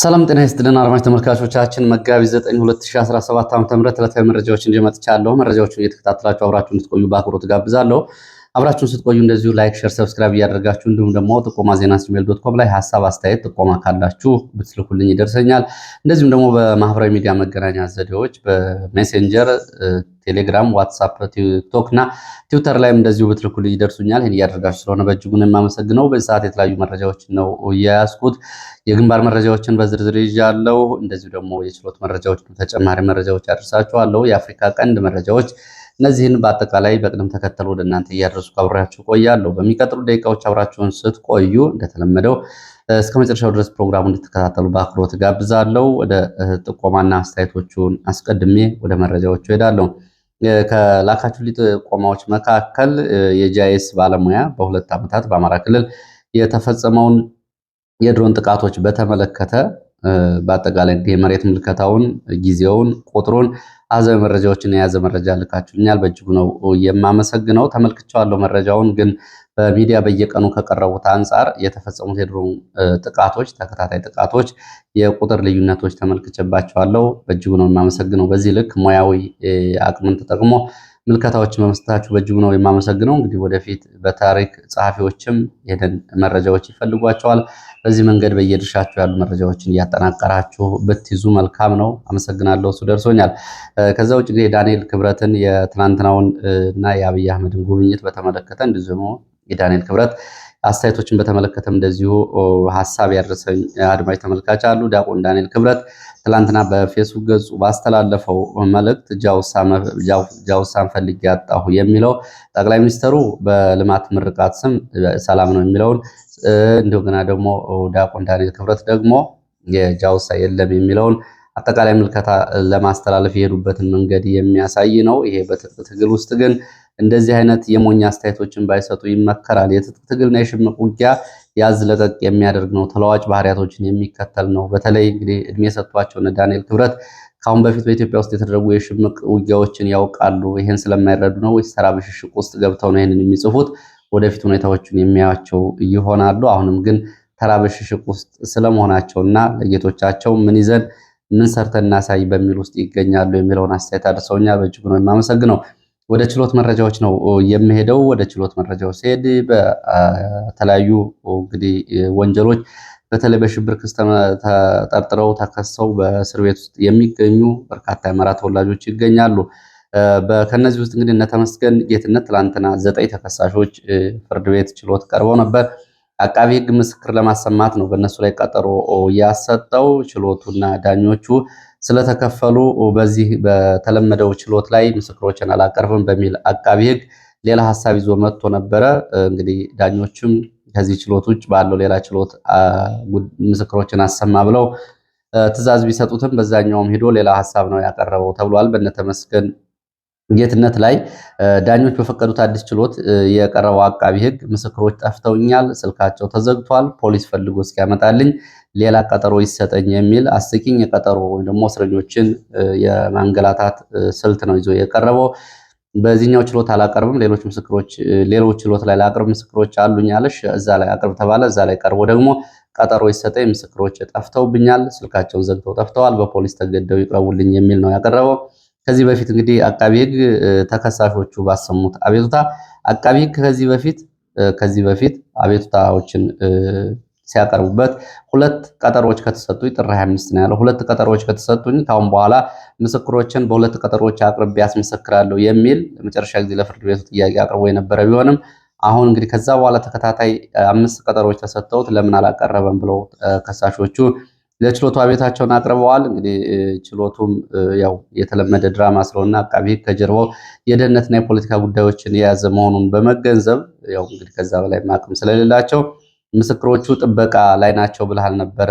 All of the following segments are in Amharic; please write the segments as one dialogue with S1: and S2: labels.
S1: ሰላም ጤና ይስጥልን አድማጭ ተመልካቾቻችን፣ መጋቢት 9 2017 ዓ.ም ዕለታዊ መረጃዎችን ይዤ መጥቻለሁ። መረጃዎቹን እየተከታተላችሁ አብራችሁ እንድትቆዩ በአክብሮት ጋብዛለሁ። አብራችሁን ስትቆዩ እንደዚሁ ላይክ፣ ሼር፣ ሰብስክራይብ እያደረጋችሁ እንዲሁም ደግሞ ጥቆማ ዜና ጂሜል ዶት ኮም ላይ ሀሳብ፣ አስተያየት፣ ጥቆማ ካላችሁ ብትልኩልኝ ይደርሰኛል። እንደዚሁም ደግሞ በማህበራዊ ሚዲያ መገናኛ ዘዴዎች በሜሴንጀር ቴሌግራም፣ ዋትሳፕ፣ ቲክቶክ እና ትዊተር ላይም እንደዚሁ ብትልኩልኝ ይደርሱኛል። ይህን እያደረጋችሁ ስለሆነ በእጅጉን የማመሰግነው። በዚህ ሰዓት የተለያዩ መረጃዎችን ነው እየያዝኩት። የግንባር መረጃዎችን በዝርዝር ይዣለሁ። እንደዚሁ ደግሞ የችሎት መረጃዎች፣ ተጨማሪ መረጃዎች ያደርሳችኋለሁ። የአፍሪካ ቀንድ መረጃዎች እነዚህን በአጠቃላይ በቅደም ተከተል ወደ እናንተ እያደረሱ አብሬያችሁ ቆያለሁ። በሚቀጥሉ ደቂቃዎች አብራችሁን ስትቆዩ እንደተለመደው እስከ መጨረሻው ድረስ ፕሮግራሙ እንድትከታተሉ በአክብሮት ጋብዛለሁ። ወደ ጥቆማና አስተያየቶቹን አስቀድሜ ወደ መረጃዎቹ እሄዳለሁ። ከላካችሁ ጥቆማዎች መካከል የጂአይኤስ ባለሙያ በሁለት ዓመታት በአማራ ክልል የተፈጸመውን የድሮን ጥቃቶች በተመለከተ በአጠቃላይ እንግዲህ የመሬት ምልከታውን፣ ጊዜውን፣ ቁጥሩን አዘ መረጃዎችን የያዘ መረጃ ልካችሁኛል። በእጅጉ ነው የማመሰግነው። ተመልክቼዋለሁ መረጃውን ግን በሚዲያ በየቀኑ ከቀረቡት አንጻር የተፈጸሙት የድሮን ጥቃቶች፣ ተከታታይ ጥቃቶች፣ የቁጥር ልዩነቶች ተመልክቼባቸዋለሁ። በእጅጉ ነው የማመሰግነው። በዚህ ልክ ሙያዊ አቅምን ተጠቅሞ ምልከታዎችን በመስጠታችሁ በእጅጉ ነው የማመሰግነው። እንግዲህ ወደፊት በታሪክ ጸሐፊዎችም ይህንን መረጃዎች ይፈልጓቸዋል። በዚህ መንገድ በየድርሻችሁ ያሉ መረጃዎችን እያጠናቀራችሁ ብትይዙ መልካም ነው። አመሰግናለሁ። እሱ ደርሶኛል። ከዛ ውጭ እንግዲህ ዳንኤል ክብረትን የትናንትናውን እና የአብይ አህመድን ጉብኝት በተመለከተ እንዲሁ የዳንኤል ክብረት አስተያየቶችን በተመለከተም እንደዚሁ ሀሳብ ያደረሰኝ አድማጭ ተመልካች አሉ። ዲያቆን ዳንኤል ክብረት ትላንትና በፌስቡክ ገጹ ባስተላለፈው መልእክት ጃውሳን ፈልጌ ያጣሁ የሚለው ጠቅላይ ሚኒስትሩ በልማት ምርቃት ስም ሰላም ነው የሚለውን እንደገና ደግሞ ዲያቆን ዳንኤል ክብረት ደግሞ የጃውሳ የለም የሚለውን አጠቃላይ ምልከታ ለማስተላለፍ የሄዱበትን መንገድ የሚያሳይ ነው። ይሄ በትግል ውስጥ ግን እንደዚህ አይነት የሞኝ አስተያየቶችን ባይሰጡ ይመከራል። የትጥቅ ትግልና የሽምቅ ውጊያ ያዝ ለቀቅ የሚያደርግ ነው፣ ተለዋጭ ባህሪያቶችን የሚከተል ነው። በተለይ እንግዲህ እድሜ የሰጥቷቸው እነ ዳንኤል ክብረት ከአሁን በፊት በኢትዮጵያ ውስጥ የተደረጉ የሽምቅ ውጊያዎችን ያውቃሉ። ይህን ስለማይረዱ ነው ወይስ ተራ ብሽሽቅ ውስጥ ገብተው ነው ይህንን የሚጽፉት? ወደፊት ሁኔታዎቹን የሚያያቸው ይሆናሉ። አሁንም ግን ተራ ብሽሽቅ ውስጥ ስለመሆናቸው እና ለጌቶቻቸው ምን ይዘን ምን ሰርተን እናሳይ በሚል ውስጥ ይገኛሉ የሚለውን አስተያየት አድርሰውኛል። በእጅጉ ነው የማመሰግነው። ወደ ችሎት መረጃዎች ነው የሚሄደው። ወደ ችሎት መረጃዎች ሲሄድ በተለያዩ እንግዲህ ወንጀሎች በተለይ በሽብር ክስ ተጠርጥረው ተከሰው በእስር ቤት ውስጥ የሚገኙ በርካታ የአማራ ተወላጆች ይገኛሉ። ከነዚህ ውስጥ እንግዲህ እነተመስገን ጌትነት ትላንትና ዘጠኝ ተከሳሾች ፍርድ ቤት ችሎት ቀርበው ነበር። አቃቢ ሕግ ምስክር ለማሰማት ነው በእነሱ ላይ ቀጠሮ ያሰጠው። ችሎቱና ዳኞቹ ስለተከፈሉ በዚህ በተለመደው ችሎት ላይ ምስክሮችን አላቀርብም በሚል አቃቢ ህግ ሌላ ሀሳብ ይዞ መጥቶ ነበረ። እንግዲህ ዳኞችም ከዚህ ችሎት ውጭ ባለው ሌላ ችሎት ምስክሮችን አሰማ ብለው ትእዛዝ ቢሰጡትም በዛኛውም ሄዶ ሌላ ሀሳብ ነው ያቀረበው ተብሏል። በነተመስገን ጌትነት ላይ ዳኞች በፈቀዱት አዲስ ችሎት የቀረበው አቃቢ ሕግ ምስክሮች ጠፍተውኛል፣ ስልካቸው ተዘግቷል፣ ፖሊስ ፈልጎ እስኪያመጣልኝ ሌላ ቀጠሮ ይሰጠኝ የሚል አስቂኝ የቀጠሮ ወይም ደግሞ እስረኞችን የማንገላታት ስልት ነው ይዞ የቀረበው። በዚህኛው ችሎት አላቀርብም፣ ሌሎች ምስክሮች ሌሎች ችሎት ላይ ላቅርብ ምስክሮች አሉኝ አለሽ፣ እዛ ላይ አቅርብ ተባለ። እዛ ላይ ቀርቦ ደግሞ ቀጠሮ ይሰጠኝ፣ ምስክሮች ጠፍተውብኛል፣ ስልካቸውን ዘግተው ጠፍተዋል፣ በፖሊስ ተገደው ይቅረቡልኝ የሚል ነው ያቀረበው። ከዚህ በፊት እንግዲህ አቃቢ ህግ ተከሳሾቹ ባሰሙት አቤቱታ አቃቢ ከዚህ በፊት ከዚህ በፊት አቤቱታዎችን ሲያቀርቡበት ሁለት ቀጠሮዎች ከተሰጡ ጥር 25 ነው ያለው። ሁለት ቀጠሮዎች ከተሰጡኝ ካሁን በኋላ ምስክሮችን በሁለት ቀጠሮዎች አቅርቤ ያስመሰክራለሁ የሚል መጨረሻ ጊዜ ለፍርድ ቤቱ ጥያቄ አቅርቦ የነበረ ቢሆንም አሁን እንግዲህ ከዛ በኋላ ተከታታይ አምስት ቀጠሮዎች ተሰጥተውት ለምን አላቀረበም ብለው ከሳሾቹ ለችሎቱ አቤታቸውን አቅርበዋል። እንግዲህ ችሎቱም ያው የተለመደ ድራማ ስለሆነ አቃቢ ሕግ ከጀርባው የደህንነትና የፖለቲካ ጉዳዮችን የያዘ መሆኑን በመገንዘብ ያው እንግዲህ ከዛ በላይ ማቅም ስለሌላቸው ምስክሮቹ ጥበቃ ላይ ናቸው ብልሃል ነበረ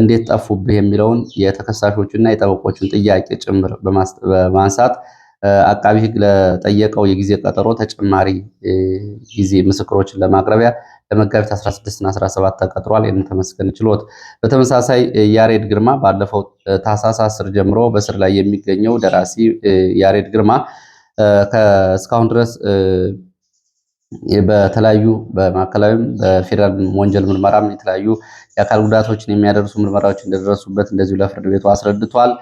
S1: እንዴት ጠፉብህ የሚለውን የተከሳሾቹና የጠበቆቹን ጥያቄ ጭምር በማንሳት አቃቢ ህግ ለጠየቀው የጊዜ ቀጠሮ ተጨማሪ ጊዜ ምስክሮችን ለማቅረቢያ ለመጋቢት 16 እና 17 ተቀጥሯል። ይህን ተመስገን ችሎት በተመሳሳይ ያሬድ ግርማ ባለፈው ታህሳስ አስር ጀምሮ በስር ላይ የሚገኘው ደራሲ ያሬድ ግርማ እስካሁን ድረስ በተለያዩ በማዕከላዊም በፌዴራል ወንጀል ምርመራም የተለያዩ የአካል ጉዳቶችን የሚያደርሱ ምርመራዎች እንደደረሱበት እንደዚሁ ለፍርድ ቤቱ አስረድቷል።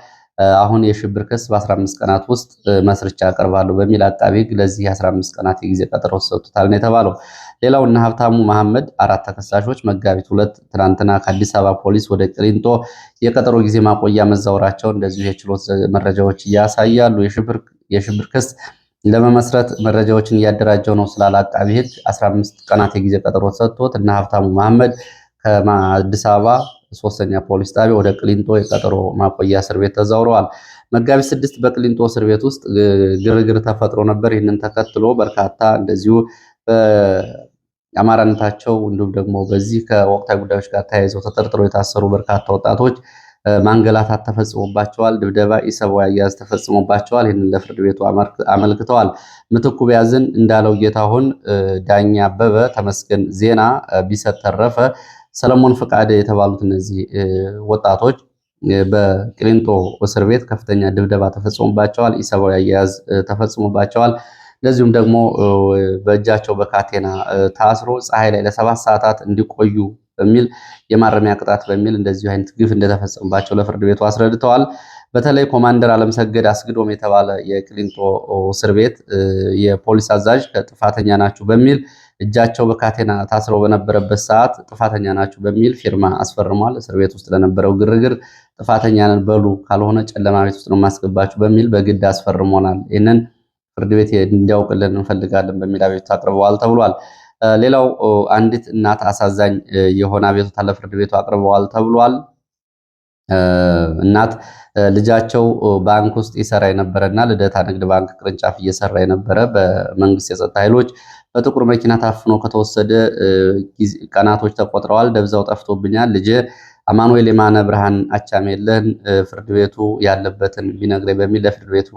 S1: አሁን የሽብር ክስ በ15 ቀናት ውስጥ መስርቻ አቀርባለሁ በሚል አቃቢ ሕግ ለዚህ 15 ቀናት የጊዜ ቀጠሮ ተሰጥቶታል ነው የተባለው። ሌላው እነ ሀብታሙ መሐመድ አራት ተከሳሾች መጋቢት ሁለት ትናንትና ከአዲስ አበባ ፖሊስ ወደ ቅሊንጦ የቀጠሮ ጊዜ ማቆያ መዛወራቸው እንደዚሁ የችሎት መረጃዎች ያሳያሉ። የሽብር ክስ ለመመስረት መረጃዎችን እያደራጀው ነው ስላለ አቃቢ 15 ቀናት የጊዜ ቀጠሮ ተሰጥቶት እነ ሀብታሙ መሐመድ ከአዲስ አበባ ሶስተኛ ፖሊስ ጣቢያ ወደ ቅሊንጦ የቀጠሮ ማቆያ እስር ቤት ተዛውረዋል። መጋቢት ስድስት በቅሊንጦ እስር ቤት ውስጥ ግርግር ተፈጥሮ ነበር። ይህንን ተከትሎ በርካታ እንደዚሁ በአማራነታቸው እንዲሁም ደግሞ በዚህ ከወቅታዊ ጉዳዮች ጋር ተያይዘው ተጠርጥረው የታሰሩ በርካታ ወጣቶች ማንገላታት ተፈጽሞባቸዋል። ድብደባ፣ ኢሰብዊ አያያዝ ተፈጽሞባቸዋል። ይህንን ለፍርድ ቤቱ አመልክተዋል። ምትኩ ቢያዝን፣ እንዳለው ጌታሁን፣ ዳኛ አበበ፣ ተመስገን ዜና፣ ቢሰጥ ተረፈ፣ ሰለሞን ፈቃደ የተባሉት እነዚህ ወጣቶች በቅሊንጦ እስር ቤት ከፍተኛ ድብደባ ተፈጽሞባቸዋል። ኢሰብዊ አያያዝ ተፈጽሞባቸዋል። እንደዚሁም ደግሞ በእጃቸው በካቴና ታስሮ ፀሐይ ላይ ለሰባት ሰዓታት እንዲቆዩ በሚል የማረሚያ ቅጣት በሚል እንደዚሁ አይነት ግፍ እንደተፈጸመባቸው ለፍርድ ቤቱ አስረድተዋል። በተለይ ኮማንደር አለምሰገድ አስግዶም የተባለ የቅሊንጦ እስር ቤት የፖሊስ አዛዥ ከጥፋተኛ ናችሁ በሚል እጃቸው በካቴና ታስረው በነበረበት ሰዓት ጥፋተኛ ናችሁ በሚል ፊርማ አስፈርሟል። እስር ቤት ውስጥ ለነበረው ግርግር ጥፋተኛ ነን በሉ ካልሆነ ጨለማ ቤት ውስጥ ነው የማስገባችሁ በሚል በግድ አስፈርሞናል። ይህንን ፍርድ ቤት እንዲያውቅልን እንፈልጋለን በሚል አቤቱታ አቅርበዋል ተብሏል። ሌላው አንዲት እናት አሳዛኝ የሆነ አቤቱታ ለፍርድ ቤቱ አቅርበዋል ተብሏል። እናት ልጃቸው ባንክ ውስጥ ይሰራ የነበረ ልደታ ንግድ ባንክ ቅርንጫፍ እየሰራ የነበረ በመንግስት የጸጥታ ኃይሎች በጥቁር መኪና ታፍኖ ከተወሰደ ቀናቶች ተቆጥረዋል። ደብዛው ጠፍቶብኛል ልጄ አማኑኤል የማነ ብርሃን አቻሜለን ፍርድ ቤቱ ያለበትን ቢነግረኝ በሚል ለፍርድ ቤቱ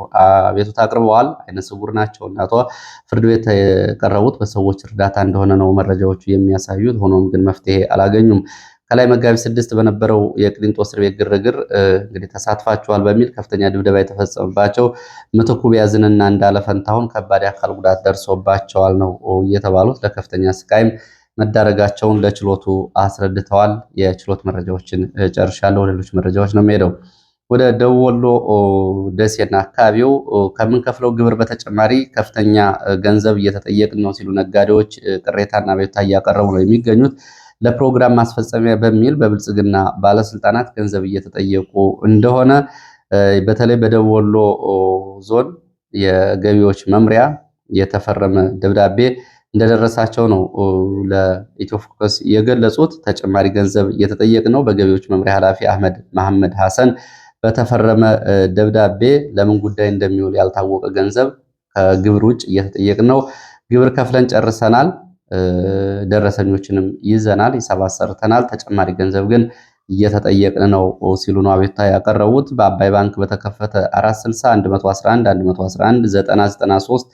S1: አቤቱታ አቅርበዋል። አይነ ስውር ናቸው። እናቷ ፍርድ ቤት የቀረቡት በሰዎች እርዳታ እንደሆነ ነው መረጃዎቹ የሚያሳዩት። ሆኖም ግን መፍትሄ አላገኙም። ከላይ መጋቢት ስድስት በነበረው የቅሊንጦ እስር ቤት ግርግር እንግዲህ ተሳትፋቸዋል በሚል ከፍተኛ ድብደባ የተፈጸመባቸው ምትኩ ቢያዝንና እንዳለ ፈንታሁን ከባድ አካል ጉዳት ደርሶባቸዋል ነው እየተባሉት ለከፍተኛ ስቃይም መዳረጋቸውን ለችሎቱ አስረድተዋል። የችሎት መረጃዎችን ጨርሻለሁ። ሌሎች መረጃዎች ነው የሚሄደው ወደ ደቡብ ወሎ ደሴና አካባቢው ከምንከፍለው ግብር በተጨማሪ ከፍተኛ ገንዘብ እየተጠየቅን ነው ሲሉ ነጋዴዎች ቅሬታና ቤታ እያቀረቡ ነው የሚገኙት። ለፕሮግራም ማስፈጸሚያ በሚል በብልጽግና ባለስልጣናት ገንዘብ እየተጠየቁ እንደሆነ በተለይ በደቡብ ወሎ ዞን የገቢዎች መምሪያ የተፈረመ ደብዳቤ እንደደረሳቸው ነው ለኢትዮ ፎከስ የገለጹት። ተጨማሪ ገንዘብ እየተጠየቅ ነው። በገቢዎች መምሪያ ኃላፊ አህመድ መሐመድ ሐሰን በተፈረመ ደብዳቤ ለምን ጉዳይ እንደሚውል ያልታወቀ ገንዘብ ከግብር ውጭ እየተጠየቅ ነው። ግብር ከፍለን ጨርሰናል። ደረሰኞችንም ይዘናል፣ ሂሳብ አሰርተናል። ተጨማሪ ገንዘብ ግን እየተጠየቅን ነው ሲሉ ነው አቤቱታ ያቀረቡት። በአባይ ባንክ በተከፈተ 460 111 111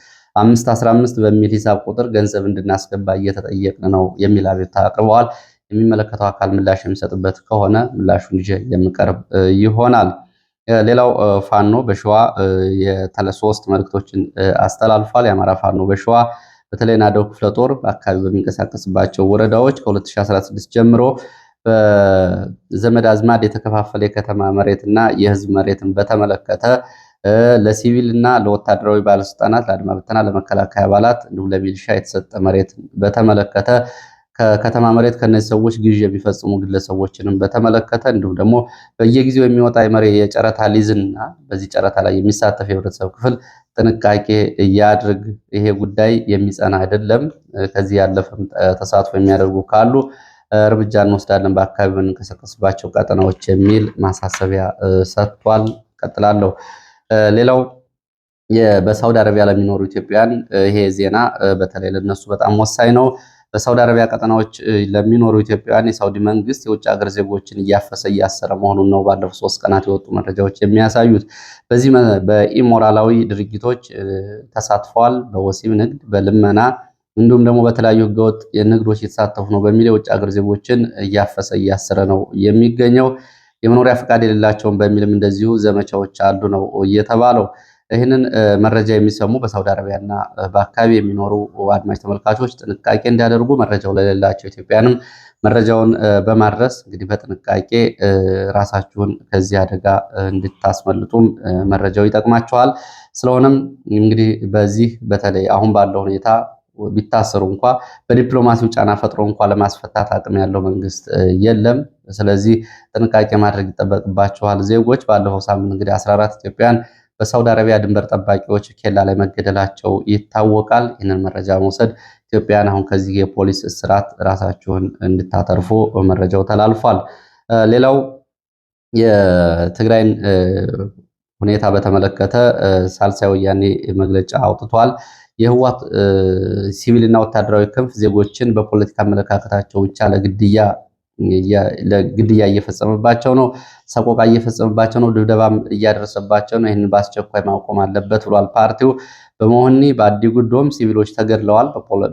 S1: አምስት አስራ አምስት በሚል ሂሳብ ቁጥር ገንዘብ እንድናስገባ እየተጠየቅን ነው የሚል አቤቱታ አቅርበዋል። የሚመለከተው አካል ምላሽ የሚሰጥበት ከሆነ ምላሹን ይዤ የምቀርብ ይሆናል። ሌላው ፋኖ በሸዋ ሶስት መልእክቶችን አስተላልፏል። የአማራ ፋኖ በሸዋ በተለይ ናደው ክፍለ ጦር በአካባቢ በሚንቀሳቀስባቸው ወረዳዎች ከ2016 ጀምሮ በዘመድ አዝማድ የተከፋፈለ የከተማ መሬትና የህዝብ መሬትን በተመለከተ ለሲቪል እና ለወታደራዊ ባለስልጣናት ለአድማ ብተና፣ ለመከላከያ አባላት እንዲሁም ለሚሊሻ የተሰጠ መሬት በተመለከተ ከከተማ መሬት ከነዚህ ሰዎች ግዥ የሚፈጽሙ ግለሰቦችንም በተመለከተ እንዲሁም ደግሞ በየጊዜው የሚወጣ የመሬ የጨረታ ሊዝና በዚህ ጨረታ ላይ የሚሳተፍ የህብረተሰብ ክፍል ጥንቃቄ እያድርግ ይሄ ጉዳይ የሚጸና አይደለም። ከዚህ ያለፈም ተሳትፎ የሚያደርጉ ካሉ እርምጃ እንወስዳለን በአካባቢ በምንንቀሳቀስባቸው ቀጠናዎች የሚል ማሳሰቢያ ሰጥቷል። ቀጥላለሁ። ሌላው በሳውዲ አረቢያ ለሚኖሩ ኢትዮጵያውያን ይሄ ዜና በተለይ ለነሱ በጣም ወሳኝ ነው። በሳውዲ አረቢያ ቀጠናዎች ለሚኖሩ ኢትዮጵያውያን የሳውዲ መንግስት የውጭ ሀገር ዜጎችን እያፈሰ እያሰረ መሆኑን ነው ባለፉት ሶስት ቀናት የወጡ መረጃዎች የሚያሳዩት። በዚህ በኢሞራላዊ ድርጊቶች ተሳትፈዋል፣ በወሲብ ንግድ፣ በልመና እንዲሁም ደግሞ በተለያዩ ህገወጥ ንግዶች እየተሳተፉ ነው በሚል የውጭ ሀገር ዜጎችን እያፈሰ እያሰረ ነው የሚገኘው። የመኖሪያ ፈቃድ የሌላቸውም በሚልም እንደዚሁ ዘመቻዎች አሉ ነው እየተባለው። ይህንን መረጃ የሚሰሙ በሳውዲ አረቢያና በአካባቢ የሚኖሩ አድማጭ ተመልካቾች ጥንቃቄ እንዲያደርጉ መረጃው ለሌላቸው ኢትዮጵያንም መረጃውን በማድረስ እንግዲህ በጥንቃቄ ራሳችሁን ከዚህ አደጋ እንድታስመልጡም መረጃው ይጠቅማቸዋል። ስለሆነም እንግዲህ በዚህ በተለይ አሁን ባለው ሁኔታ ቢታሰሩ እንኳ በዲፕሎማሲው ጫና ፈጥሮ እንኳ ለማስፈታት አቅም ያለው መንግስት የለም። ስለዚህ ጥንቃቄ ማድረግ ይጠበቅባቸዋል። ዜጎች ባለፈው ሳምንት እንግዲህ 14 ኢትዮጵያን በሳውዲ አረቢያ ድንበር ጠባቂዎች ኬላ ላይ መገደላቸው ይታወቃል። ይህንን መረጃ መውሰድ ኢትዮጵያን አሁን ከዚህ የፖሊስ እስራት ራሳችሁን እንድታተርፉ መረጃው ተላልፏል። ሌላው የትግራይን ሁኔታ በተመለከተ ሳልሳይ ወያኔ መግለጫ አውጥቷል። የህዋት ሲቪልና ወታደራዊ ክንፍ ዜጎችን በፖለቲካ አመለካከታቸው ብቻ ለግድያ ለግድያ እየፈጸመባቸው ነው፣ ሰቆቃ እየፈጸመባቸው ነው፣ ድብደባም እያደረሰባቸው ነው። ይህንን በአስቸኳይ ማቆም አለበት ብሏል ፓርቲው። በመሆኒ በአዲ ጉዶም ሲቪሎች ተገድለዋል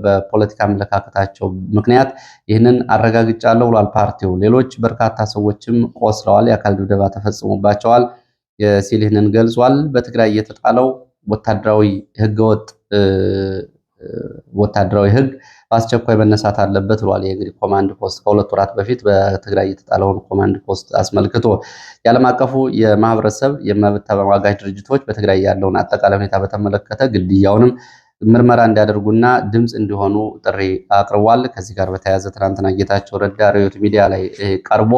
S1: በፖለቲካ አመለካከታቸው ምክንያት። ይህንን አረጋግጫለሁ ብሏል ፓርቲው። ሌሎች በርካታ ሰዎችም ቆስለዋል፣ የአካል ድብደባ ተፈጽሞባቸዋል ሲል ይህንን ገልጿል። በትግራይ የተጣለው ወታደራዊ ህገወጥ ወታደራዊ ህግ በአስቸኳይ መነሳት አለበት ብሏል። የእንግዲህ ኮማንድ ፖስት ከሁለት ወራት በፊት በትግራይ የተጣለውን ኮማንድ ፖስት አስመልክቶ የዓለም አቀፉ የማህበረሰብ የመብት ተሟጋች ድርጅቶች በትግራይ ያለውን አጠቃላይ ሁኔታ በተመለከተ ግድያውንም ምርመራ እንዲያደርጉና ድምፅ እንዲሆኑ ጥሪ አቅርቧል። ከዚህ ጋር በተያያዘ ትናንትና ጌታቸው ረዳ ርዕዮት ሚዲያ ላይ ቀርቦ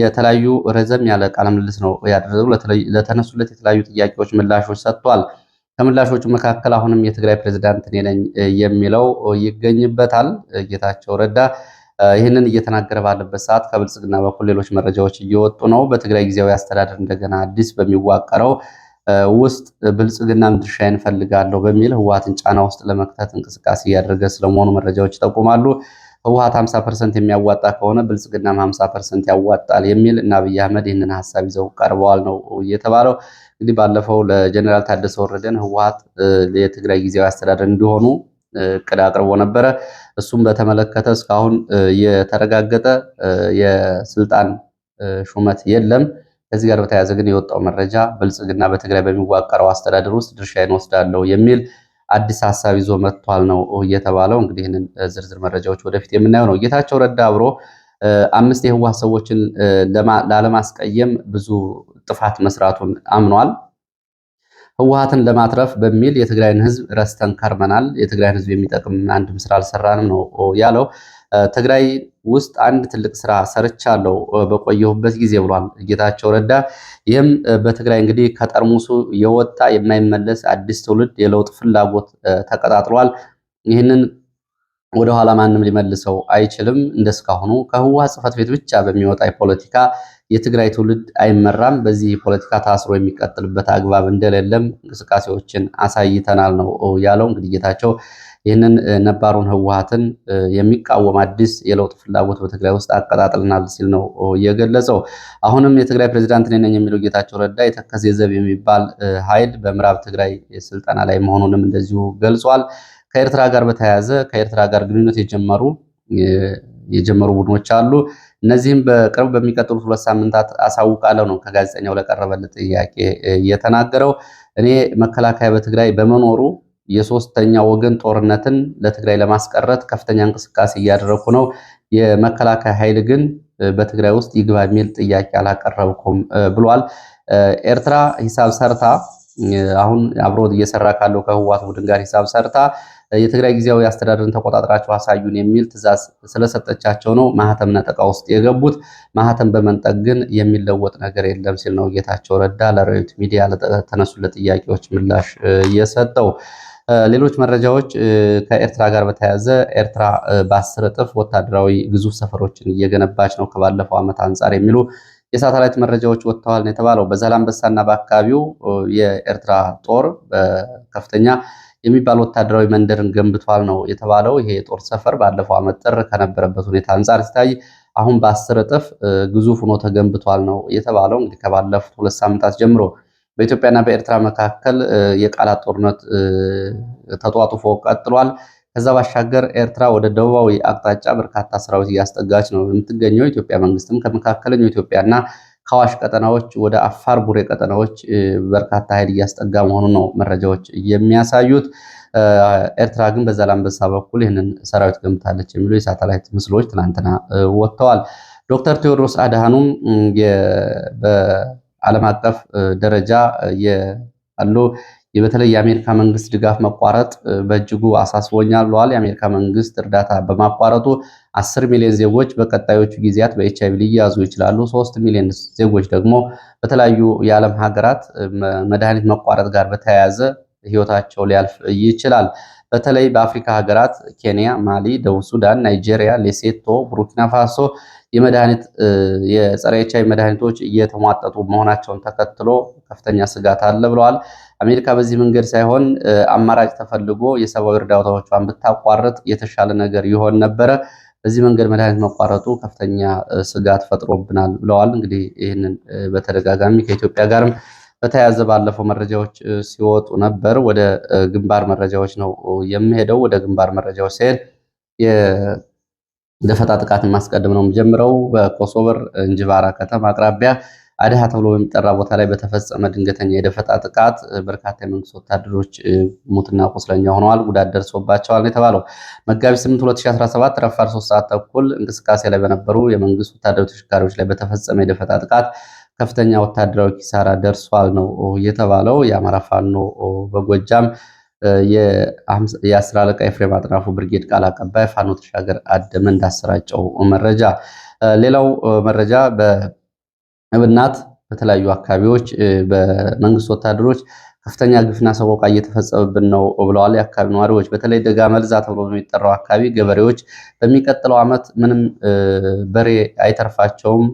S1: የተለያዩ ረዘም ያለ ቃለምልልስ ነው ያደረገው። ለተነሱለት የተለያዩ ጥያቄዎች ምላሾች ሰጥቷል። ከምላሾቹ መካከል አሁንም የትግራይ ፕሬዝዳንት እኔ ነኝ የሚለው ይገኝበታል። ጌታቸው ረዳ ይህንን እየተናገረ ባለበት ሰዓት ከብልጽግና በኩል ሌሎች መረጃዎች እየወጡ ነው። በትግራይ ጊዜያዊ አስተዳደር እንደገና አዲስ በሚዋቀረው ውስጥ ብልጽግና ድርሻዬን እፈልጋለሁ በሚል ህወሓትን ጫና ውስጥ ለመክተት እንቅስቃሴ እያደረገ ስለመሆኑ መረጃዎች ይጠቁማሉ። ህወሓት 50 ፐርሰንት የሚያዋጣ ከሆነ ብልጽግናም 50 ፐርሰንት ያዋጣል የሚል እና አብይ አህመድ ይህንን ሀሳብ ይዘው ቀርበዋል ነው እየተባለው እንግዲህ ባለፈው ለጀኔራል ታደሰ ወረደን ህወሀት የትግራይ ጊዜያዊ አስተዳደር እንዲሆኑ እቅድ አቅርቦ ነበረ። እሱም በተመለከተ እስካሁን የተረጋገጠ የስልጣን ሹመት የለም። ከዚህ ጋር በተያያዘ ግን የወጣው መረጃ ብልጽግና በትግራይ በሚዋቀረው አስተዳደር ውስጥ ድርሻዬን ወስዳለሁ የሚል አዲስ ሀሳብ ይዞ መጥቷል ነው እየተባለው። እንግዲህ ይህንን ዝርዝር መረጃዎች ወደፊት የምናየው ነው። ጌታቸው ረዳ አብሮ አምስት የህወሓት ሰዎችን ላለማስቀየም ብዙ ጥፋት መስራቱን አምኗል። ህወሓትን ለማትረፍ በሚል የትግራይን ህዝብ ረስተን ከርመናል፣ የትግራይን ህዝብ የሚጠቅም አንድም ስራ አልሰራንም ነው ያለው። ትግራይ ውስጥ አንድ ትልቅ ስራ ሰርቻለሁ በቆየሁበት ጊዜ ብሏል ጌታቸው ረዳ። ይህም በትግራይ እንግዲህ ከጠርሙሱ የወጣ የማይመለስ አዲስ ትውልድ የለውጥ ፍላጎት ተቀጣጥሏል። ይህንን ወደኋላ ማንም ሊመልሰው አይችልም። እንደስካሁኑ ከህወሓት ጽህፈት ቤት ብቻ በሚወጣ የፖለቲካ የትግራይ ትውልድ አይመራም፣ በዚህ ፖለቲካ ታስሮ የሚቀጥልበት አግባብ እንደሌለም እንቅስቃሴዎችን አሳይተናል ነው ያለው። እንግዲህ ጌታቸው ይህንን ነባሩን ህወሀትን የሚቃወም አዲስ የለውጥ ፍላጎት በትግራይ ውስጥ አቀጣጥልናል ሲል ነው የገለጸው። አሁንም የትግራይ ፕሬዚዳንት ነኝ የሚለው ጌታቸው ረዳ የተከዜ ዘብ የሚባል ኃይል በምዕራብ ትግራይ ስልጠና ላይ መሆኑንም እንደዚሁ ገልጿል። ከኤርትራ ጋር በተያያዘ ከኤርትራ ጋር ግንኙነት የጀመሩ የጀመሩ ቡድኖች አሉ። እነዚህም በቅርብ በሚቀጥሉት ሁለት ሳምንታት አሳውቃለሁ ነው ከጋዜጠኛው ለቀረበለት ጥያቄ እየተናገረው። እኔ መከላከያ በትግራይ በመኖሩ የሶስተኛ ወገን ጦርነትን ለትግራይ ለማስቀረት ከፍተኛ እንቅስቃሴ እያደረኩ ነው። የመከላከያ ኃይል ግን በትግራይ ውስጥ ይግባ የሚል ጥያቄ አላቀረብኩም ብሏል። ኤርትራ ሂሳብ ሰርታ አሁን አብሮ እየሰራ ካለው ከህዋት ቡድን ጋር ሂሳብ ሰርታ የትግራይ ጊዜያዊ አስተዳደርን ተቆጣጥራቸው አሳዩን የሚል ትእዛዝ ስለሰጠቻቸው ነው ማህተም ነጠቃ ውስጥ የገቡት። ማህተም በመንጠቅ ግን የሚለወጥ ነገር የለም ሲል ነው ጌታቸው ረዳ ለሬዊት ሚዲያ ለተነሱለት ጥያቄዎች ምላሽ እየሰጠው። ሌሎች መረጃዎች ከኤርትራ ጋር በተያያዘ ኤርትራ በአስር እጥፍ ወታደራዊ ግዙፍ ሰፈሮችን እየገነባች ነው ከባለፈው ዓመት አንጻር የሚሉ የሳተላይት መረጃዎች ወጥተዋል ነው የተባለው። በዛላምበሳና በአካባቢው የኤርትራ ጦር በከፍተኛ የሚባል ወታደራዊ መንደርን ገንብቷል ነው የተባለው። ይሄ የጦር ሰፈር ባለፈው ዓመት ጥር ከነበረበት ሁኔታ አንጻር ሲታይ አሁን በአስር እጥፍ ግዙፍ ሆኖ ተገንብቷል ነው የተባለው። እንግዲህ ከባለፉት ሁለት ሳምንታት ጀምሮ በኢትዮጵያና በኤርትራ መካከል የቃላት ጦርነት ተጧጡፎ ቀጥሏል። ከዛ ባሻገር ኤርትራ ወደ ደቡባዊ አቅጣጫ በርካታ ሰራዊት እያስጠጋች ነው የምትገኘው። ኢትዮጵያ መንግስትም ከመካከለኛው ኢትዮጵያና ከአዋሽ ቀጠናዎች ወደ አፋር ቡሬ ቀጠናዎች በርካታ ኃይል እያስጠጋ መሆኑ ነው መረጃዎች የሚያሳዩት። ኤርትራ ግን በዛላንበሳ በኩል ይህንን ሰራዊት ገምታለች የሚሉ የሳተላይት ምስሎች ትናንትና ወጥተዋል። ዶክተር ቴዎድሮስ አድሃኖም በዓለም አቀፍ ደረጃ ያሉ በተለይ የአሜሪካ መንግስት ድጋፍ መቋረጥ በእጅጉ አሳስቦኛል ብለዋል። የአሜሪካ መንግስት እርዳታ በማቋረጡ አስር ሚሊዮን ዜጎች በቀጣዮቹ ጊዜያት በኤች አይቪ ሊያዙ ይችላሉ። ሶስት ሚሊዮን ዜጎች ደግሞ በተለያዩ የዓለም ሀገራት መድኃኒት መቋረጥ ጋር በተያያዘ ህይወታቸው ሊያልፍ ይችላል። በተለይ በአፍሪካ ሀገራት ኬንያ፣ ማሊ፣ ደቡብ ሱዳን፣ ናይጄሪያ፣ ሌሴቶ፣ ቡርኪና ፋሶ የመድኃኒት የጸረ ኤች አይቪ መድኃኒቶች እየተሟጠጡ መሆናቸውን ተከትሎ ከፍተኛ ስጋት አለ ብለዋል። አሜሪካ በዚህ መንገድ ሳይሆን አማራጭ ተፈልጎ የሰብአዊ እርዳታዎቿን ብታቋርጥ የተሻለ ነገር ይሆን ነበረ። በዚህ መንገድ መድኃኒት መቋረጡ ከፍተኛ ስጋት ፈጥሮብናል ብለዋል። እንግዲህ ይህንን በተደጋጋሚ ከኢትዮጵያ ጋርም በተያያዘ ባለፈው መረጃዎች ሲወጡ ነበር። ወደ ግንባር መረጃዎች ነው የምሄደው። ወደ ግንባር መረጃዎች ሲሄድ የደፈጣ ጥቃትን ማስቀደም ነው ጀምረው በኮሶበር እንጅባራ ከተማ አቅራቢያ አድሃ ተብሎ በሚጠራ ቦታ ላይ በተፈጸመ ድንገተኛ የደፈጣ ጥቃት በርካታ የመንግስት ወታደሮች ሙትና ቁስለኛ ሆነዋል። ጉዳት ደርሶባቸዋል ነው የተባለው። መጋቢት 8 2017 ረፋር 3 ሰዓት ተኩል እንቅስቃሴ ላይ በነበሩ የመንግስት ወታደራዊ ተሽከርካሪዎች ላይ በተፈጸመ የደፈጣ ጥቃት ከፍተኛ ወታደራዊ ኪሳራ ደርሷል ነው የተባለው። የአማራ ፋኖ በጎጃም የአስር አለቃ ኤፍሬም አጥናፉ ብርጌድ ቃል አቀባይ ፋኖ ተሻገር አደመ እንዳሰራጨው መረጃ ሌላው መረጃ እብናት በተለያዩ አካባቢዎች በመንግስት ወታደሮች ከፍተኛ ግፍና ሰቆቃ እየተፈጸመብን ነው ብለዋል የአካባቢ ነዋሪዎች። በተለይ ደጋ መልዛ ተብሎ በሚጠራው አካባቢ ገበሬዎች በሚቀጥለው ዓመት ምንም በሬ አይተርፋቸውም፣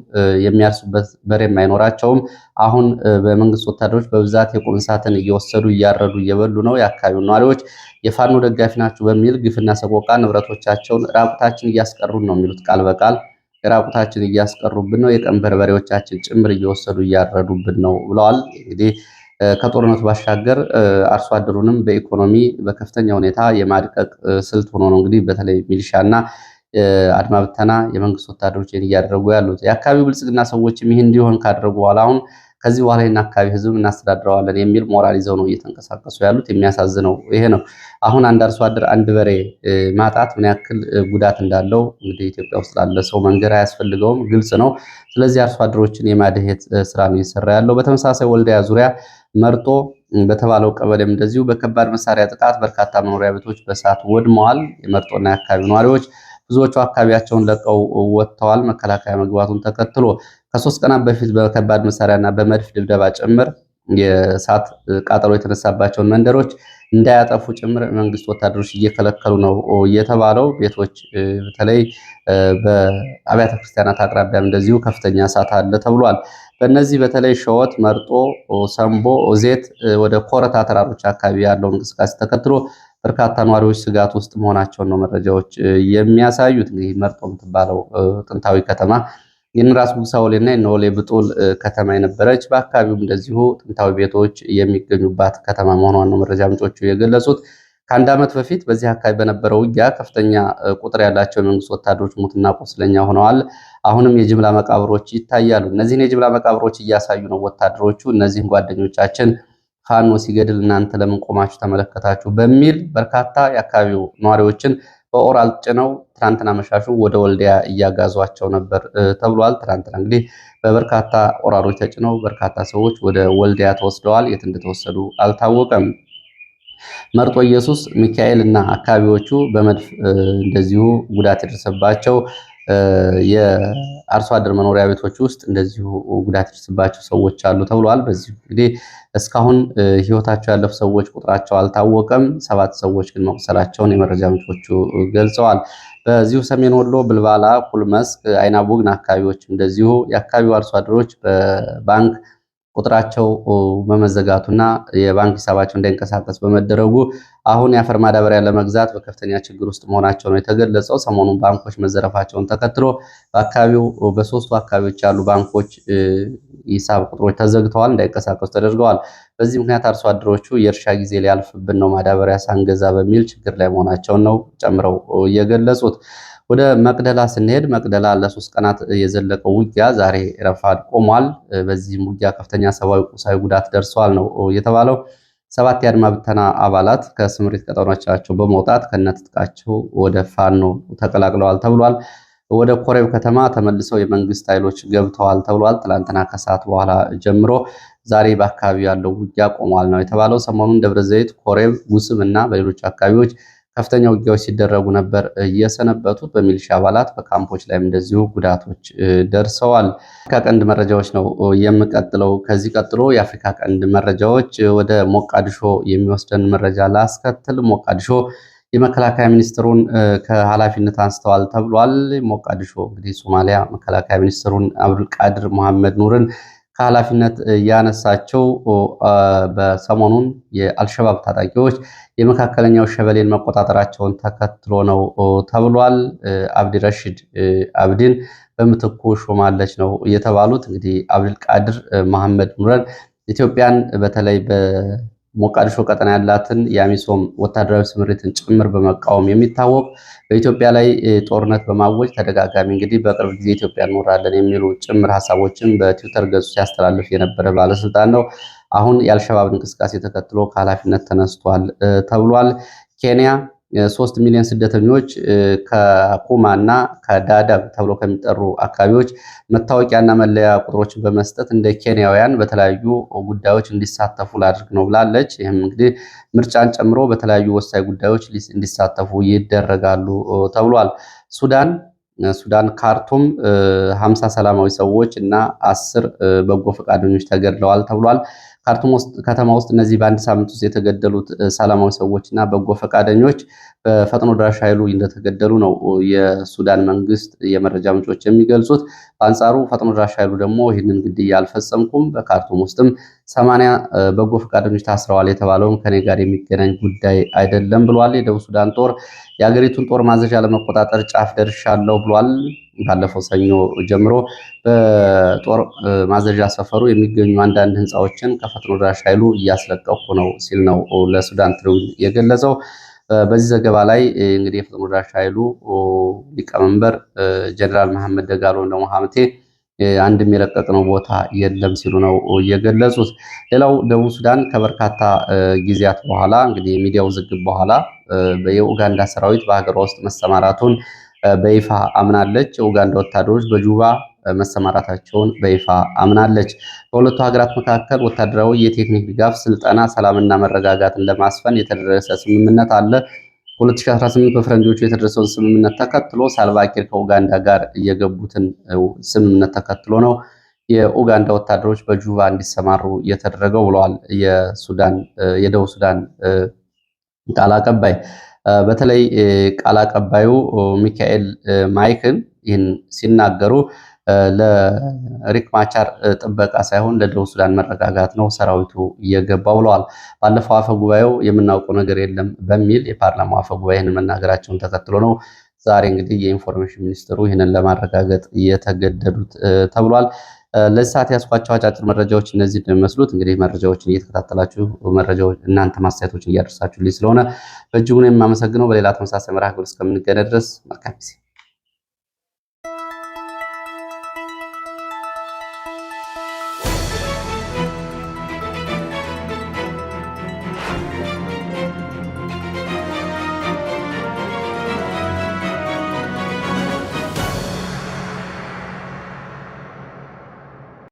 S1: የሚያርሱበት በሬም አይኖራቸውም። አሁን በመንግስት ወታደሮች በብዛት የቁም እንስሳትን እየወሰዱ እያረዱ እየበሉ ነው። የአካባቢው ነዋሪዎች የፋኖ ደጋፊ ናቸው በሚል ግፍና ሰቆቃ ንብረቶቻቸውን ራቁታችን እያስቀሩን ነው የሚሉት ቃል በቃል ራቁታችን እያስቀሩብን ነው፣ የቀን በርበሬዎቻችን ጭምር እየወሰዱ እያረዱብን ነው ብለዋል። እንግዲህ ከጦርነቱ ባሻገር አርሶ አደሩንም በኢኮኖሚ በከፍተኛ ሁኔታ የማድቀቅ ስልት ሆኖ ነው እንግዲህ በተለይ ሚሊሻና አድማ ብተና የመንግስት ወታደሮች እያደረጉ ያሉት። የአካባቢው ብልጽግና ሰዎችም ይህ እንዲሆን ካደረጉ በኋላ አሁን ከዚህ በኋላ ይህን አካባቢ ህዝብ እናስተዳድረዋለን የሚል ሞራል ይዘው ነው እየተንቀሳቀሱ ያሉት። የሚያሳዝነው ይሄ ነው። አሁን አንድ አርሶ አደር አንድ በሬ ማጣት ምን ያክል ጉዳት እንዳለው እንግዲህ ኢትዮጵያ ውስጥ ላለ ሰው መንገድ አያስፈልገውም፣ ግልጽ ነው። ስለዚህ አርሶ አደሮችን የማድሄት ስራ ነው እየሰራ ያለው። በተመሳሳይ ወልዲያ ዙሪያ መርጦ በተባለው ቀበሌም እንደዚሁ በከባድ መሳሪያ ጥቃት በርካታ መኖሪያ ቤቶች በእሳት ወድመዋል። የመርጦና የአካባቢው ነዋሪዎች ብዙዎቹ አካባቢያቸውን ለቀው ወጥተዋል። መከላከያ መግባቱን ተከትሎ ከሶስት ቀናት በፊት በከባድ መሳሪያና በመድፍ ድብደባ ጭምር የእሳት ቃጠሎ የተነሳባቸውን መንደሮች እንዳያጠፉ ጭምር መንግስት ወታደሮች እየከለከሉ ነው እየተባለው ቤቶች በተለይ በአብያተ ክርስቲያናት አቅራቢያም እንደዚሁ ከፍተኛ እሳት አለ ተብሏል። በእነዚህ በተለይ ሸወት፣ መርጦ፣ ሰንቦ፣ ዜት ወደ ኮረታ ተራሮች አካባቢ ያለውን እንቅስቃሴ ተከትሎ በርካታ ነዋሪዎች ስጋት ውስጥ መሆናቸውን ነው መረጃዎች የሚያሳዩት። እንግዲህ መርጦ የምትባለው ጥንታዊ ከተማ የንራስ ጉሳውሌ እና የነወሌ ብጡል ከተማ የነበረች በአካባቢውም እንደዚሁ ጥንታዊ ቤቶች የሚገኙባት ከተማ መሆኗን ነው መረጃ ምንጮቹ የገለጹት። ከአንድ ዓመት በፊት በዚህ አካባቢ በነበረው ውጊያ ከፍተኛ ቁጥር ያላቸው የመንግስት ወታደሮች ሙትና ቆስለኛ ሆነዋል። አሁንም የጅምላ መቃብሮች ይታያሉ። እነዚህን የጅምላ መቃብሮች እያሳዩ ነው ወታደሮቹ። እነዚህን ጓደኞቻችን ፋኖ ሲገድል እናንተ ለምን ቆማችሁ ተመለከታችሁ? በሚል በርካታ የአካባቢው ነዋሪዎችን በኦራል ጭነው ትናንትና መሻሹ ወደ ወልዲያ እያጋዟቸው ነበር ተብሏል። ትናንትና እንግዲህ በበርካታ ኦራሎች ተጭነው በርካታ ሰዎች ወደ ወልዲያ ተወስደዋል። የት እንደተወሰዱ አልታወቀም። መርጦ ኢየሱስ፣ ሚካኤል እና አካባቢዎቹ በመድፍ እንደዚሁ ጉዳት የደረሰባቸው የአርሶ አደር መኖሪያ ቤቶች ውስጥ እንደዚሁ ጉዳት የደረሰባቸው ሰዎች አሉ ተብሏል። በዚሁ እንግዲህ እስካሁን ህይወታቸው ያለፉ ሰዎች ቁጥራቸው አልታወቀም። ሰባት ሰዎች ግን መቁሰላቸውን የመረጃ ምንጮቹ ገልጸዋል። በዚሁ ሰሜን ወሎ ብልባላ፣ ኩልመስክ፣ አይናቡግን አካባቢዎች እንደዚሁ የአካባቢው አርሶ አደሮች በባንክ ቁጥራቸው በመዘጋቱና የባንክ ሂሳባቸው እንዳይንቀሳቀስ በመደረጉ አሁን የአፈር ማዳበሪያ ለመግዛት በከፍተኛ ችግር ውስጥ መሆናቸው ነው የተገለጸው። ሰሞኑን ባንኮች መዘረፋቸውን ተከትሎ በአካባቢው በሶስቱ አካባቢዎች ያሉ ባንኮች ሂሳብ ቁጥሮች ተዘግተዋል፣ እንዳይንቀሳቀሱ ተደርገዋል። በዚህ ምክንያት አርሶ አደሮቹ የእርሻ ጊዜ ሊያልፍብን ነው ማዳበሪያ ሳንገዛ በሚል ችግር ላይ መሆናቸውን ነው ጨምረው የገለጹት። ወደ መቅደላ ስንሄድ መቅደላ ለሶስት ቀናት የዘለቀው ውጊያ ዛሬ ረፋድ ቆሟል። በዚህም ውጊያ ከፍተኛ ሰብአዊ፣ ቁሳዊ ጉዳት ደርሰዋል ነው የተባለው። ሰባት የአድማ ብተና አባላት ከስምሪት ቀጠናቸው በመውጣት ከነትጥቃቸው ወደ ፋኖ ተቀላቅለዋል ተብሏል። ወደ ኮሬብ ከተማ ተመልሰው የመንግስት ኃይሎች ገብተዋል ተብሏል። ትላንትና ከሰዓት በኋላ ጀምሮ ዛሬ በአካባቢው ያለው ውጊያ ቆሟል ነው የተባለው። ሰሞኑን ደብረ ዘይት፣ ኮሬብ፣ ጉስም እና በሌሎች አካባቢዎች ከፍተኛ ውጊያዎች ሲደረጉ ነበር እየሰነበቱት። በሚሊሻ አባላት በካምፖች ላይም እንደዚሁ ጉዳቶች ደርሰዋል። አፍሪካ ቀንድ መረጃዎች ነው የምቀጥለው። ከዚህ ቀጥሎ የአፍሪካ ቀንድ መረጃዎች ወደ ሞቃዲሾ የሚወስደን መረጃ ላስከትል። ሞቃዲሾ የመከላከያ ሚኒስትሩን ከኃላፊነት አንስተዋል ተብሏል። ሞቃዲሾ እንግዲህ ሶማሊያ መከላከያ ሚኒስትሩን አብዱልቃድር መሐመድ ኑርን ከኃላፊነት ያነሳቸው በሰሞኑን የአልሸባብ ታጣቂዎች የመካከለኛው ሸበሌን መቆጣጠራቸውን ተከትሎ ነው ተብሏል። አብዲ ረሽድ አብዲን በምትኩ ሾማለች ነው የተባሉት። እንግዲህ አብድልቃድር መሐመድ ኑረን ኢትዮጵያን በተለይ በሞቃዲሾ ቀጠና ያላትን የአሚሶም ወታደራዊ ስምሪትን ጭምር በመቃወም የሚታወቅ በኢትዮጵያ ላይ ጦርነት በማወጅ ተደጋጋሚ እንግዲህ በቅርብ ጊዜ ኢትዮጵያ እንወራለን የሚሉ ጭምር ሀሳቦችን በትዊተር ገጹ ሲያስተላልፍ የነበረ ባለስልጣን ነው። አሁን የአልሸባብ እንቅስቃሴ ተከትሎ ከኃላፊነት ተነስቷል ተብሏል። ኬንያ ሶስት ሚሊዮን ስደተኞች ከኩማ እና ከዳዳብ ተብሎ ከሚጠሩ አካባቢዎች መታወቂያና መለያ ቁጥሮችን በመስጠት እንደ ኬንያውያን በተለያዩ ጉዳዮች እንዲሳተፉ ላድርግ ነው ብላለች። ይህም እንግዲህ ምርጫን ጨምሮ በተለያዩ ወሳኝ ጉዳዮች እንዲሳተፉ ይደረጋሉ ተብሏል። ሱዳን ሱዳን ካርቱም ሀምሳ ሰላማዊ ሰዎች እና አስር በጎ ፈቃደኞች ተገድለዋል ተብሏል። ካርቱም ከተማ ውስጥ እነዚህ በአንድ ሳምንት ውስጥ የተገደሉት ሰላማዊ ሰዎች እና በጎ ፈቃደኞች በፈጥኖ ድራሽ ኃይሉ እንደተገደሉ ነው የሱዳን መንግስት የመረጃ ምንጮች የሚገልጹት። በአንጻሩ ፈጥኖ ድራሽ ኃይሉ ደግሞ ይህንን ግድያ አልፈጸምኩም፣ በካርቱም ውስጥም ሰማንያ በጎ ፈቃደኞች ታስረዋል የተባለውም ከኔ ጋር የሚገናኝ ጉዳይ አይደለም ብሏል። የደቡብ ሱዳን ጦር የአገሪቱን ጦር ማዘዣ ለመቆጣጠር ጫፍ ደርሻለሁ ብሏል። ባለፈው ሰኞ ጀምሮ በጦር ማዘዣ ሰፈሩ የሚገኙ አንዳንድ ህንፃዎችን ከፈጥኖ ድራሽ ኃይሉ እያስለቀኩ ነው ሲል ነው ለሱዳን ትሪቡን የገለጸው። በዚህ ዘገባ ላይ እንግዲህ የፈጥኖ ደራሽ ኃይሉ ሊቀመንበር ጀነራል መሐመድ ደጋሎ ደግሞ ሀምቴ አንድም የለቀቅነው ቦታ የለም ሲሉ ነው የገለጹት። ሌላው ደቡብ ሱዳን ከበርካታ ጊዜያት በኋላ እንግዲህ የሚዲያው ዝግብ በኋላ የኡጋንዳ ሰራዊት በሀገሯ ውስጥ መሰማራቱን በይፋ አምናለች። የኡጋንዳ ወታደሮች በጁባ መሰማራታቸውን በይፋ አምናለች። በሁለቱ ሀገራት መካከል ወታደራዊ የቴክኒክ ድጋፍ፣ ስልጠና፣ ሰላምና መረጋጋትን ለማስፈን የተደረሰ ስምምነት አለ። 2018 በፈረንጆቹ የተደረሰውን ስምምነት ተከትሎ ሳልቫኪር ከኡጋንዳ ጋር እየገቡትን ስምምነት ተከትሎ ነው የኡጋንዳ ወታደሮች በጁባ እንዲሰማሩ የተደረገው ብለዋል የደቡብ ሱዳን ቃል አቀባይ። በተለይ ቃል አቀባዩ ሚካኤል ማይክን ይህን ሲናገሩ ለሪክ ማቻር ጥበቃ ሳይሆን ለደቡብ ሱዳን መረጋጋት ነው ሰራዊቱ እየገባው ብለዋል። ባለፈው አፈ ጉባኤው የምናውቀው ነገር የለም በሚል የፓርላማው አፈ ጉባኤ ይህንን መናገራቸውን ተከትሎ ነው ዛሬ እንግዲህ የኢንፎርሜሽን ሚኒስትሩ ይህንን ለማረጋገጥ እየተገደዱት ተብሏል። ለዚህ ሰዓት ያስኳቸው አጫጭር መረጃዎች እነዚህ እንደሚመስሉት እንግዲህ መረጃዎችን እየተከታተላችሁ መረጃዎች እናንተ ማስተያየቶችን እያደርሳችሁልኝ ስለሆነ በእጅጉን የማመሰግነው። በሌላ ተመሳሳይ መርሃ ግብር እስከምንገናኝ ድረስ መልካም ጊዜ